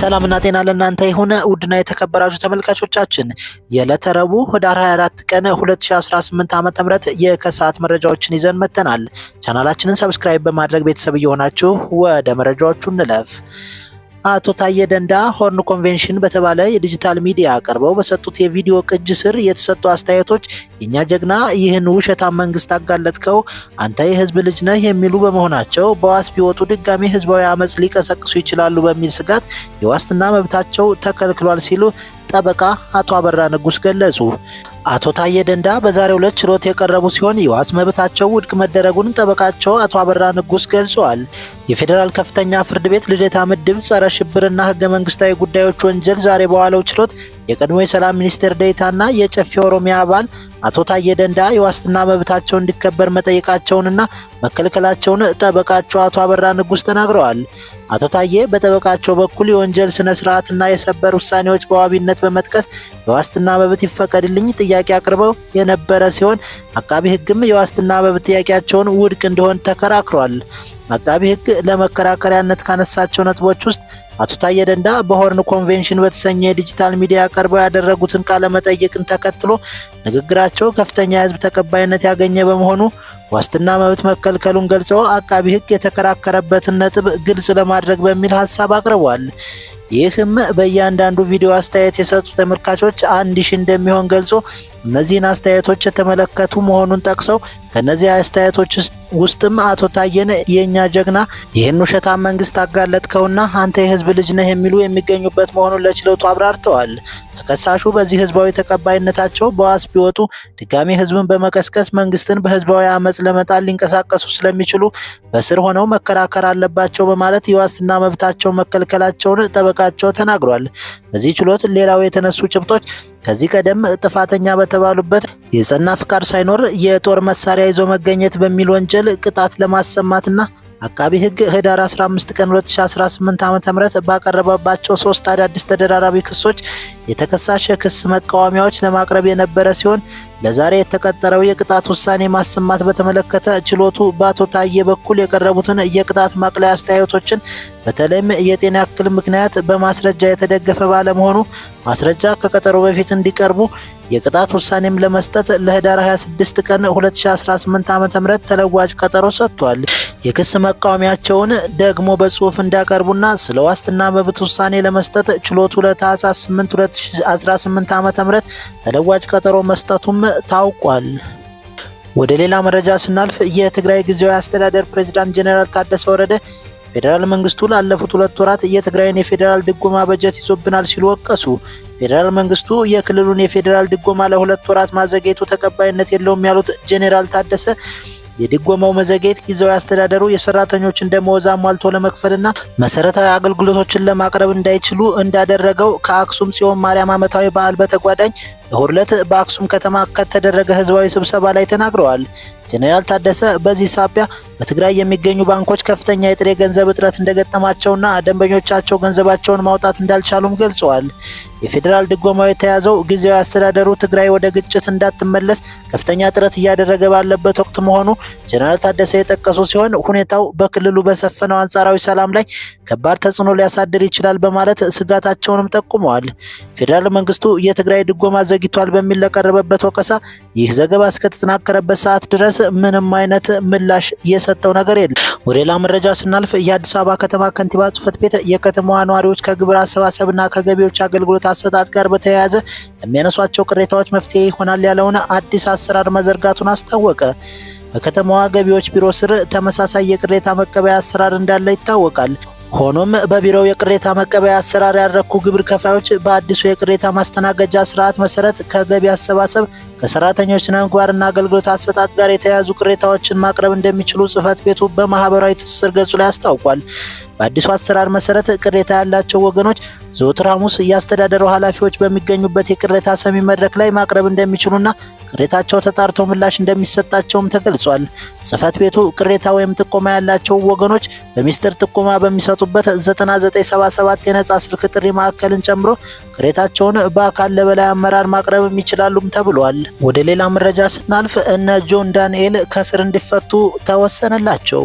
ሰላምና ጤና ለእናንተ የሆነ ውድና የተከበራችሁ ተመልካቾቻችን የዕለተ ረቡዕ ህዳር 24 ቀን 2018 ዓ ም የከሰዓት መረጃዎችን ይዘን መጥተናል። ቻናላችንን ሰብስክራይብ በማድረግ ቤተሰብ እየሆናችሁ ወደ መረጃዎቹ እንለፍ። አቶ ታዬ ደንዳ ሆርን ኮንቬንሽን በተባለ የዲጂታል ሚዲያ ቀርበው በሰጡት የቪዲዮ ቅጅ ስር የተሰጡ አስተያየቶች የእኛ ጀግና ይህን ውሸታም መንግስት አጋለጥከው፣ አንተ የህዝብ ልጅ ነህ የሚሉ በመሆናቸው በዋስ ቢወጡ ድጋሚ ህዝባዊ አመፅ ሊቀሰቅሱ ይችላሉ በሚል ስጋት የዋስትና መብታቸው ተከልክሏል ሲሉ ጠበቃ አቶ አበራ ንጉስ ገለጹ። አቶ ታዬ ደንዳ በዛሬው ዕለት ችሎት የቀረቡ ሲሆን የዋስ መብታቸው ውድቅ መደረጉን ጠበቃቸው አቶ አበራ ንጉስ ገልጸዋል። የፌዴራል ከፍተኛ ፍርድ ቤት ልደታ ምድብ ጸረ ሽብርና ህገ መንግስታዊ ጉዳዮች ወንጀል ዛሬ በዋለው ችሎት የቀድሞ የሰላም ሚኒስቴር ዴኤታና የጨፌ ኦሮሚያ አባል አቶ ታዬ ደንዳ የዋስትና መብታቸው እንዲከበር መጠየቃቸውንና መከልከላቸውን ጠበቃቸው አቶ አበራ ንጉስ ተናግረዋል። አቶ ታዬ በጠበቃቸው በኩል የወንጀል ስነ ስርዓትና የሰበር ውሳኔዎች በዋቢነት በመጥቀስ የዋስትና መብት ይፈቀድልኝ ጥያቄ አቅርበው የነበረ ሲሆን አቃቢ ሕግም የዋስትና መብት ጥያቄያቸውን ውድቅ እንዲሆን ተከራክሯል። አቃቢ ሕግ ለመከራከሪያነት ካነሳቸው ነጥቦች ውስጥ አቶ ታዬ ደንዳ በሆርን ኮንቬንሽን በተሰኘ የዲጂታል ሚዲያ ቀርበው ያደረጉትን ቃለ መጠይቅን ተከትሎ ንግግራ መከልከላቸው ከፍተኛ የህዝብ ተቀባይነት ያገኘ በመሆኑ ዋስትና መብት መከልከሉን ገልጸው አቃቢ ህግ የተከራከረበትን ነጥብ ግልጽ ለማድረግ በሚል ሀሳብ አቅርቧል። ይህም በእያንዳንዱ ቪዲዮ አስተያየት የሰጡ ተመልካቾች አንድ ሺ እንደሚሆን ገልጾ እነዚህን አስተያየቶች የተመለከቱ መሆኑን ጠቅሰው ከእነዚህ አስተያየቶች ውስጥም አቶ ታየን የእኛ ጀግና ይህን ውሸታም መንግስት አጋለጥከውና አንተ የህዝብ ልጅ ነህ የሚሉ የሚገኙበት መሆኑን ለችሎቱ አብራርተዋል። ተከሳሹ በዚህ ህዝባዊ ተቀባይነታቸው በዋስ ቢወጡ ድጋሚ ህዝብን በመቀስቀስ መንግስትን በህዝባዊ አመፅ ለመጣል ሊንቀሳቀሱ ስለሚችሉ በስር ሆነው መከራከር አለባቸው በማለት የዋስትና መብታቸው መከልከላቸውን ጠበቃ መጠየቃቸው ተናግሯል። በዚህ ችሎት ሌላው የተነሱ ጭብጦች ከዚህ ቀደም ጥፋተኛ በተባሉበት የጸና ፍቃድ ሳይኖር የጦር መሳሪያ ይዞ መገኘት በሚል ወንጀል ቅጣት ለማሰማትና አቃቢ ሕግ ህዳር 15 ቀን 2018 ዓ.ም ባቀረበባቸው ሶስት አዳዲስ ተደራራቢ ክሶች የተከሳሽ ክስ መቃወሚያዎች ለማቅረብ የነበረ ሲሆን ለዛሬ የተቀጠረው የቅጣት ውሳኔ ማሰማት በተመለከተ ችሎቱ በአቶ ታዬ በኩል የቀረቡትን የቅጣት ማቅለያ አስተያየቶችን በተለይም የጤና እክል ምክንያት በማስረጃ የተደገፈ ባለመሆኑ ማስረጃ ከቀጠሮ በፊት እንዲቀርቡ የቅጣት ውሳኔም ለመስጠት ለህዳር 26 ቀን 2018 ዓ ም ተለዋጭ ቀጠሮ ሰጥቷል። የክስ መቃወሚያቸውን ደግሞ በጽሁፍ እንዲያቀርቡና ስለ ዋስትና መብት ውሳኔ ለመስጠት ችሎቱ ለታህሳስ 8 2018 ዓ ም ተለዋጭ ቀጠሮ መስጠቱም ታውቋል። ወደ ሌላ መረጃ ስናልፍ የትግራይ ጊዜያዊ አስተዳደር ፕሬዝዳንት ጀኔራል ታደሰ ወረደ ፌዴራል መንግስቱ ላለፉት ሁለት ወራት የትግራይን የፌዴራል ድጎማ በጀት ይዞብናል ሲሉ ወቀሱ። ፌዴራል መንግስቱ የክልሉን የፌዴራል ድጎማ ለሁለት ወራት ማዘግየቱ ተቀባይነት የለውም ያሉት ጄኔራል ታደሰ የድጎማው መዘግየት ጊዜያዊ አስተዳደሩ የሰራተኞችን ደመወዝ አሟልቶ ለመክፈልና መሰረታዊ አገልግሎቶችን ለማቅረብ እንዳይችሉ እንዳደረገው ከአክሱም ጽዮን ማርያም ዓመታዊ በዓል በተጓዳኝ እሁድ ዕለት በአክሱም ከተማ ከተደረገ ህዝባዊ ስብሰባ ላይ ተናግረዋል። ጄኔራል ታደሰ በዚህ ሳቢያ በትግራይ የሚገኙ ባንኮች ከፍተኛ የጥሬ ገንዘብ እጥረት እንደገጠማቸውና ደንበኞቻቸው ገንዘባቸውን ማውጣት እንዳልቻሉም ገልጸዋል። የፌዴራል ድጎማው የተያዘው ጊዜያዊ አስተዳደሩ ትግራይ ወደ ግጭት እንዳትመለስ ከፍተኛ ጥረት እያደረገ ባለበት ወቅት መሆኑ ጄኔራል ታደሰ የጠቀሱ ሲሆን ሁኔታው በክልሉ በሰፈነው አንጻራዊ ሰላም ላይ ከባድ ተጽዕኖ ሊያሳድር ይችላል በማለት ስጋታቸውንም ጠቁመዋል። ፌዴራል መንግስቱ የትግራይ ድጎማ ዘግቷል በሚል ለቀረበበት ወቀሳ ይህ ዘገባ እስከተጠናከረበት ሰዓት ድረስ ምንም አይነት ምላሽ የሰጠው ነገር የለም። ወደ ሌላ መረጃ ስናልፍ የአዲስ አበባ ከተማ ከንቲባ ጽፈት ቤት የከተማዋ ነዋሪዎች ከግብር አሰባሰብና ከገቢዎች አገልግሎት አሰጣጥ ጋር በተያያዘ የሚያነሷቸው ቅሬታዎች መፍትሄ ይሆናል ያለውን አዲስ አሰራር መዘርጋቱን አስታወቀ። በከተማዋ ገቢዎች ቢሮ ስር ተመሳሳይ የቅሬታ መቀበያ አሰራር እንዳለ ይታወቃል። ሆኖም በቢሮው የቅሬታ መቀበያ አሰራር ያረኩ ግብር ከፋዮች በአዲሱ የቅሬታ ማስተናገጃ ስርዓት መሰረት ከገቢ አሰባሰብ ከሰራተኞች ስነ አገልግሎት አሰጣጥ ጋር የተያያዙ ቅሬታዎችን ማቅረብ እንደሚችሉ ጽህፈት ቤቱ በማህበራዊ ትስስር ገጹ ላይ አስታውቋል። በአዲሱ አሰራር መሰረት ቅሬታ ያላቸው ወገኖች ዘወትር ሐሙስ የአስተዳደሩ ኃላፊዎች በሚገኙበት የቅሬታ ሰሚ መድረክ ላይ ማቅረብ እንደሚችሉና ቅሬታቸው ተጣርቶ ምላሽ እንደሚሰጣቸውም ተገልጿል። ጽህፈት ቤቱ ቅሬታ ወይም ጥቆማ ያላቸው ወገኖች በሚስጥር ጥቆማ በሚሰጡበት 9977 የነጻ ስልክ ጥሪ ማዕከልን ጨምሮ ቅሬታቸውን በአካል ለበላይ አመራር ማቅረብም ይችላሉም ተብሏል። ወደ ሌላ መረጃ ስናልፍ እነ ጆን ዳንኤል ከስር እንዲፈቱ ተወሰነላቸው።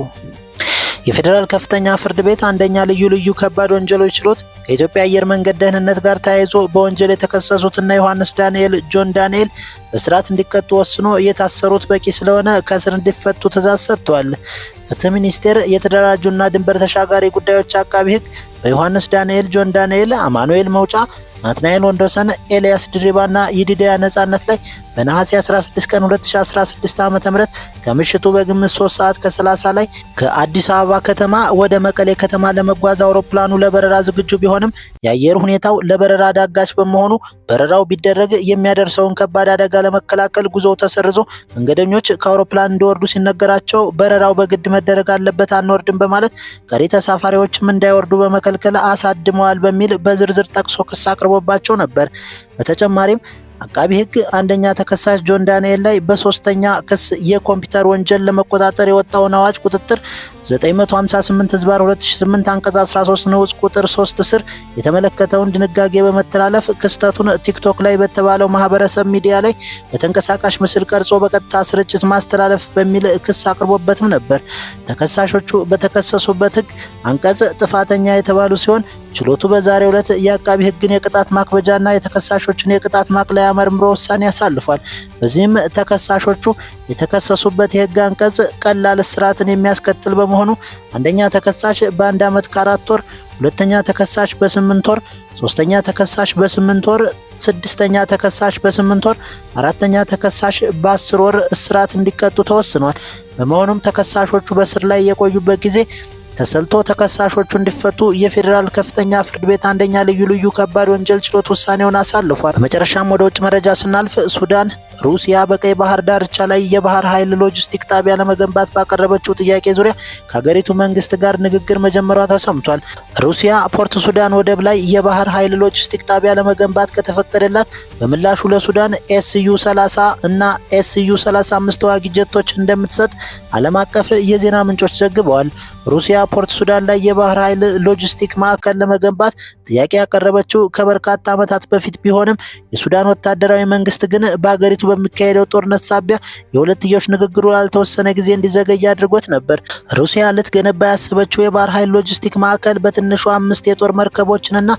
የፌዴራል ከፍተኛ ፍርድ ቤት አንደኛ ልዩ ልዩ ከባድ ወንጀሎች ችሎት ከኢትዮጵያ አየር መንገድ ደህንነት ጋር ተያይዞ በወንጀል የተከሰሱትና ዮሐንስ ዳንኤል ጆን ዳንኤል በስርዓት እንዲቀጡ ወስኖ እየታሰሩት በቂ ስለሆነ ከእስር እንዲፈቱ ትእዛዝ ሰጥቷል። ፍትህ ሚኒስቴር የተደራጁና ድንበር ተሻጋሪ ጉዳዮች አቃቢ ህግ በዮሐንስ ዳንኤል ጆን ዳንኤል፣ አማኑኤል መውጫ ናትናኤል ወንዶሰን፣ ኤልያስ ድሪባና ይዲዲያ ነጻነት ላይ በነሐሴ 16 ቀን 2016 ዓ.ም ከምሽቱ በግምት 3 ሰዓት ከ30 ላይ ከአዲስ አበባ ከተማ ወደ መቀሌ ከተማ ለመጓዝ አውሮፕላኑ ለበረራ ዝግጁ ቢሆንም የአየር ሁኔታው ለበረራ አዳጋች በመሆኑ በረራው ቢደረግ የሚያደርሰውን ከባድ አደጋ ለመከላከል ጉዞው ተሰርዞ መንገደኞች ከአውሮፕላን እንዲወርዱ ሲነገራቸው በረራው በግድ መደረግ አለበት፣ አንወርድም በማለት ቀሪ ተሳፋሪዎችም እንዳይወርዱ በመከልከል አሳድመዋል በሚል በዝርዝር ጠቅሶ ክስ አቅርቧል። ቀርቦባቸው ነበር። በተጨማሪም አቃቢ ሕግ አንደኛ ተከሳሽ ጆን ዳንኤል ላይ በሶስተኛ ክስ የኮምፒውተር ወንጀል ለመቆጣጠር የወጣውን አዋጅ ቁጥጥር 958 ህዝባር 2008 አንቀጽ 13 ንዑስ ቁጥር 3 ስር የተመለከተውን ድንጋጌ በመተላለፍ ክስተቱን ቲክቶክ ላይ በተባለው ማህበረሰብ ሚዲያ ላይ በተንቀሳቃሽ ምስል ቀርጾ በቀጥታ ስርጭት ማስተላለፍ በሚል ክስ አቅርቦበትም ነበር። ተከሳሾቹ በተከሰሱበት ሕግ አንቀጽ ጥፋተኛ የተባሉ ሲሆን ችሎቱ በዛሬው ዕለት የአቃቢ ሕግን የቅጣት ማክበጃና የተከሳሾችን የቅጣት ማቅለያ መርምሮ ውሳኔ ያሳልፏል። በዚህም ተከሳሾቹ የተከሰሱበት የሕግ አንቀጽ ቀላል እስራትን የሚያስከትል በመሆኑ አንደኛ ተከሳሽ በአንድ ዓመት ከአራት ወር፣ ሁለተኛ ተከሳሽ በስምንት ወር፣ ሶስተኛ ተከሳሽ በስምንት ወር፣ ስድስተኛ ተከሳሽ በስምንት ወር፣ አራተኛ ተከሳሽ በአስር ወር እስራት እንዲቀጡ ተወስኗል። በመሆኑም ተከሳሾቹ በስር ላይ የቆዩበት ጊዜ ተሰልቶ ተከሳሾቹ እንዲፈቱ የፌዴራል ከፍተኛ ፍርድ ቤት አንደኛ ልዩ ልዩ ከባድ ወንጀል ችሎት ውሳኔውን አሳልፏል። በመጨረሻም ወደ ውጭ መረጃ ስናልፍ ሱዳን ሩሲያ በቀይ ባህር ዳርቻ ላይ የባህር ኃይል ሎጂስቲክ ጣቢያ ለመገንባት ባቀረበችው ጥያቄ ዙሪያ ከሀገሪቱ መንግስት ጋር ንግግር መጀመሯ ተሰምቷል። ሩሲያ ፖርት ሱዳን ወደብ ላይ የባህር ኃይል ሎጂስቲክ ጣቢያ ለመገንባት ከተፈቀደላት በምላሹ ለሱዳን ኤስዩ 30 እና ኤስዩ 35 ተዋጊ ጀቶች እንደምትሰጥ ዓለም አቀፍ የዜና ምንጮች ዘግበዋል። ሩሲያ ፖርት ሱዳን ላይ የባህር ኃይል ሎጂስቲክ ማዕከል ለመገንባት ጥያቄ ያቀረበችው ከበርካታ ዓመታት በፊት ቢሆንም የሱዳን ወታደራዊ መንግስት ግን በሀገሪቱ በሀገሪቱ በሚካሄደው ጦርነት ሳቢያ የሁለትዮሽ ንግግሩ ላልተወሰነ ጊዜ እንዲዘገይ አድርጎት ነበር። ሩሲያ ልትገነባ ያሰበችው የባህር ኃይል ሎጂስቲክ ማዕከል በትንሹ አምስት የጦር መርከቦችንና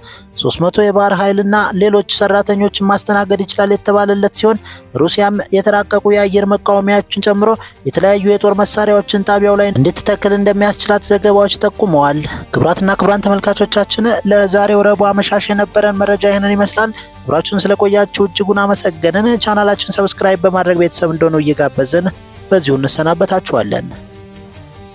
300 የባህር ኃይልና ሌሎች ሰራተኞችን ማስተናገድ ይችላል የተባለለት ሲሆን ሩሲያም የተራቀቁ የአየር መቃወሚያዎችን ጨምሮ የተለያዩ የጦር መሳሪያዎችን ጣቢያው ላይ እንድትተክል እንደሚያስችላት ዘገባዎች ጠቁመዋል። ክቡራትና ክቡራን ተመልካቾቻችን ለዛሬው ረቡዕ አመሻሽ የነበረን መረጃ ይህንን ይመስላል። አብራችሁን ስለቆያችሁ እጅጉን አመሰገንን። ቻናላችን ሰብስክራይብ በማድረግ ቤተሰብ እንደሆኑ እየጋበዝን በዚሁ እንሰናበታችኋለን።